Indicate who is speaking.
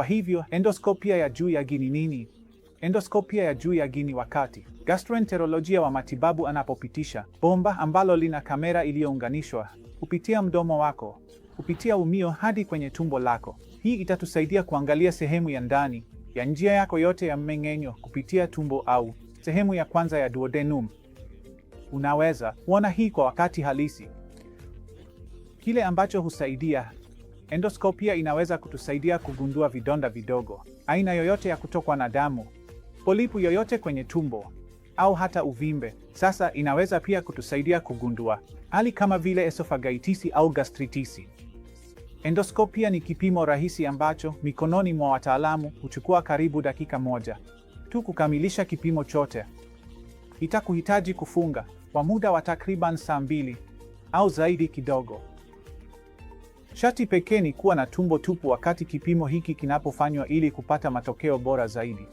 Speaker 1: Kwa hivyo endoskopia ya juu ya gini nini? Endoskopia ya juu ya gini wakati gastroenterolojia wa matibabu anapopitisha bomba ambalo lina kamera iliyounganishwa kupitia mdomo wako kupitia umio hadi kwenye tumbo lako. Hii itatusaidia kuangalia sehemu ya ndani ya njia yako yote ya mmeng'enyo kupitia tumbo au sehemu ya kwanza ya duodenum. Unaweza kuona hii kwa wakati halisi. Kile ambacho husaidia Endoskopia inaweza kutusaidia kugundua vidonda vidogo, aina yoyote ya kutokwa na damu, polipu yoyote kwenye tumbo au hata uvimbe. Sasa inaweza pia kutusaidia kugundua hali kama vile esofagaitisi au gastritisi. Endoskopia ni kipimo rahisi ambacho mikononi mwa wataalamu huchukua karibu dakika moja tu kukamilisha kipimo chote. Itakuhitaji kufunga kwa muda wa takriban saa mbili au zaidi kidogo. Sharti pekee ni kuwa na tumbo tupu wakati kipimo hiki kinapofanywa ili kupata matokeo bora zaidi.